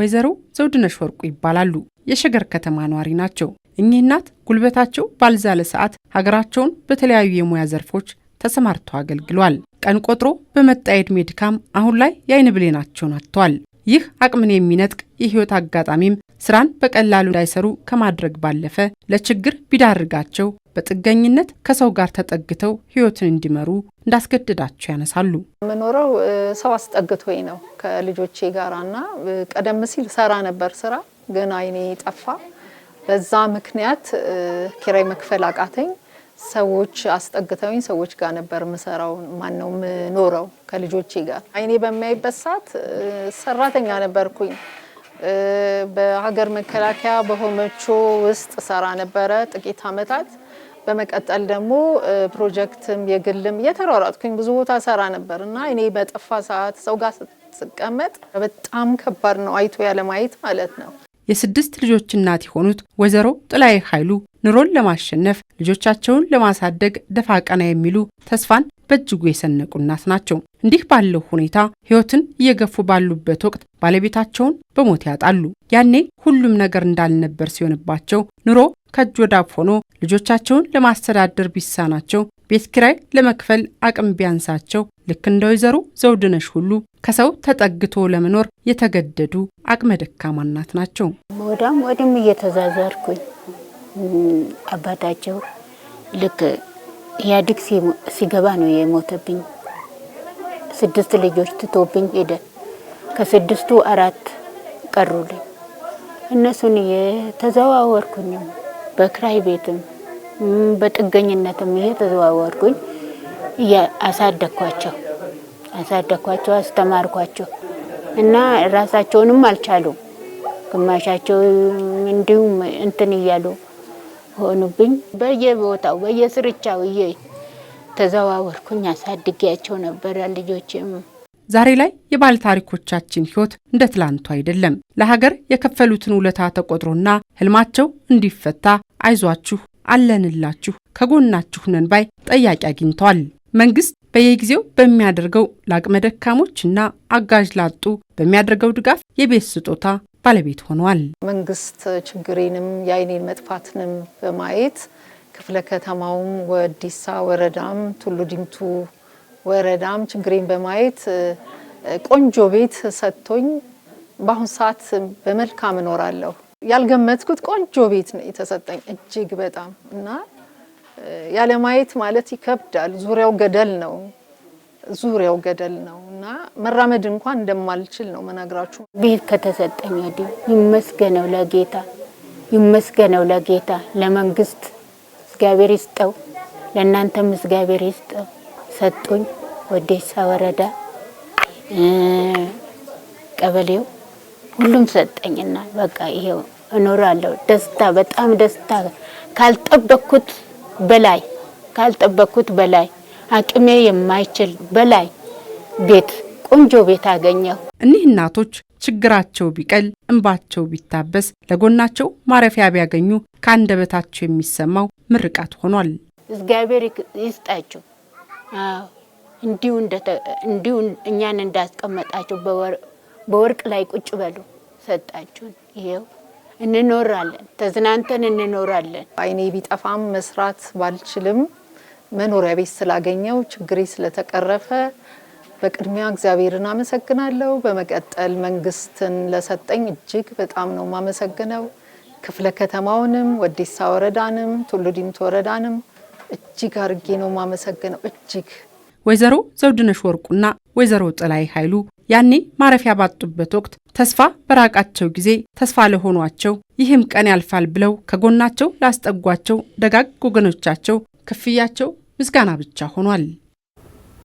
ወይዘሮ ዘውድነሽ ወርቁ ይባላሉ። የሸገር ከተማ ነዋሪ ናቸው። እኚህ እናት ጉልበታቸው ባልዛለ ሰዓት ሀገራቸውን በተለያዩ የሙያ ዘርፎች ተሰማርተው አገልግሏል። ቀን ቆጥሮ በመጣ የዕድሜ ድካም አሁን ላይ የአይን ብሌናቸውን አጥተዋል። ይህ አቅምን የሚነጥቅ የህይወት አጋጣሚም ስራን በቀላሉ እንዳይሰሩ ከማድረግ ባለፈ ለችግር ቢዳርጋቸው በጥገኝነት ከሰው ጋር ተጠግተው ህይወትን እንዲመሩ እንዳስገደዳቸው ያነሳሉ። የምኖረው ሰው አስጠግቶኝ ነው ከልጆቼ ጋራ እና ቀደም ሲል ሰራ ነበር ስራ ግን አይኔ ጠፋ። በዛ ምክንያት ኪራይ መክፈል አቃተኝ። ሰዎች አስጠግተውኝ ሰዎች ጋር ነበር ምሰራው ማን ነው ምኖረው ከልጆቼ ጋር አይኔ በሚያይበት ሰዓት ሰራተኛ ነበርኩኝ። በሀገር መከላከያ በሆመቾ ውስጥ ሰራ ነበረ ጥቂት አመታት በመቀጠል ደግሞ ፕሮጀክትም የግልም እየተሯሯጥኩኝ ብዙ ቦታ ሰራ ነበር እና እኔ በጠፋ ሰዓት ሰው ጋር ስቀመጥ በጣም ከባድ ነው፣ አይቶ ያለማየት ማለት ነው። የስድስት ልጆች እናት የሆኑት ወይዘሮ ጥላዬ ኃይሉ ኑሮን ለማሸነፍ ልጆቻቸውን ለማሳደግ ደፋ ቀና የሚሉ ተስፋን በእጅጉ የሰነቁ እናት ናቸው። እንዲህ ባለው ሁኔታ ሕይወትን እየገፉ ባሉበት ወቅት ባለቤታቸውን በሞት ያጣሉ። ያኔ ሁሉም ነገር እንዳልነበር ሲሆንባቸው ኑሮ ከእጅ ወደ አፍ ሆኖ ልጆቻቸውን ለማስተዳደር ቢሳናቸው፣ ቤት ኪራይ ለመክፈል አቅም ቢያንሳቸው፣ ልክ እንደ ወይዘሮ ዘውድነሽ ሁሉ ከሰው ተጠግቶ ለመኖር የተገደዱ አቅመ ደካማ እናት ናቸው። ወዳም ወዲም እየተዛዛርኩኝ አባታቸው ልክ ኢህአዴግ ሲገባ ነው የሞተብኝ። ስድስት ልጆች ትቶብኝ ሄደ። ከስድስቱ አራት ቀሩልኝ። እነሱን የተዘዋወርኩኝም በክራይ ቤትም በጥገኝነትም እየተዘዋወርኩኝ አሳደግኳቸው አሳደግኳቸው አስተማርኳቸው እና ራሳቸውንም አልቻሉም። ግማሻቸው እንዲሁም እንትን እያሉ ሆኑብኝ። በየቦታው በየስርቻው እየ ተዘዋወርኩኝ አሳድጌያቸው ነበረ ልጆችም። ዛሬ ላይ የባለ ታሪኮቻችን ህይወት እንደ ትላንቱ አይደለም። ለሀገር የከፈሉትን ውለታ ተቆጥሮና ህልማቸው እንዲፈታ አይዟችሁ፣ አለንላችሁ፣ ከጎናችሁ ነን ባይ ጠያቂ አግኝተዋል። መንግስት በየጊዜው በሚያደርገው ለአቅመ እና አጋዥ ላጡ በሚያደርገው ድጋፍ የቤት ስጦታ ባለቤት ሆኗል። መንግስት ችግሬንም የአይኔን መጥፋትንም በማየት ክፍለ ከተማውም ወዲሳ ወረዳም ቱሉ ዲምቱ ወረዳም ችግሬን በማየት ቆንጆ ቤት ሰጥቶኝ በአሁን ሰዓት በመልካም እኖራለሁ። ያልገመትኩት ቆንጆ ቤት ነው የተሰጠኝ እጅግ በጣም እና ያለማየት ማለት ይከብዳል። ዙሪያው ገደል ነው። ዙሪያው ገደል ነው እና መራመድ እንኳን እንደማልችል ነው መናግራችሁ። ቤት ከተሰጠኝ ወዲህ ይመስገነው ለጌታ ይመስገነው ለጌታ ለመንግስት እግዚአብሔር ይስጠው፣ ለእናንተም እግዚአብሔር ይስጠው። ሰጡኝ ወዴሳ ወረዳ ቀበሌው ሁሉም ሰጠኝና በቃ ይሄው እኖራለሁ። ደስታ በጣም ደስታ ካልጠበኩት በላይ ካልጠበኩት በላይ አቅሜ የማይችል በላይ ቤት ቆንጆ ቤት አገኘሁ። እኒህ እናቶች ችግራቸው ቢቀል እንባቸው ቢታበስ ለጎናቸው ማረፊያ ቢያገኙ ከአንደበታቸው የሚሰማው ምርቃት ሆኗል። እግዚአብሔር ይስጣቸው። እንዲሁ እንዲሁ እኛን እንዳስቀመጣቸው በወርቅ ላይ ቁጭ በሉ ሰጣችሁን። ይኸው እንኖራለን፣ ተዝናንተን እንኖራለን። አይኔ ቢጠፋም መስራት ባልችልም መኖሪያ ቤት ስላገኘው ችግሬ ስለተቀረፈ በቅድሚያ እግዚአብሔርን አመሰግናለሁ። በመቀጠል መንግስትን ለሰጠኝ እጅግ በጣም ነው የማመሰግነው። ክፍለ ከተማውንም ወዴሳ ወረዳንም ቱሉ ዲምቱ ወረዳንም እጅግ አርጌ ነው የማመሰግነው። እጅግ ወይዘሮ ዘውድነሽ ወርቁና ወይዘሮ ጥላይ ኃይሉ ያኔ ማረፊያ ባጡበት ወቅት ተስፋ በራቃቸው ጊዜ ተስፋ ለሆኗቸው ይህም ቀን ያልፋል ብለው ከጎናቸው ላስጠጓቸው ደጋግ ወገኖቻቸው ክፍያቸው ምስጋና ብቻ ሆኗል።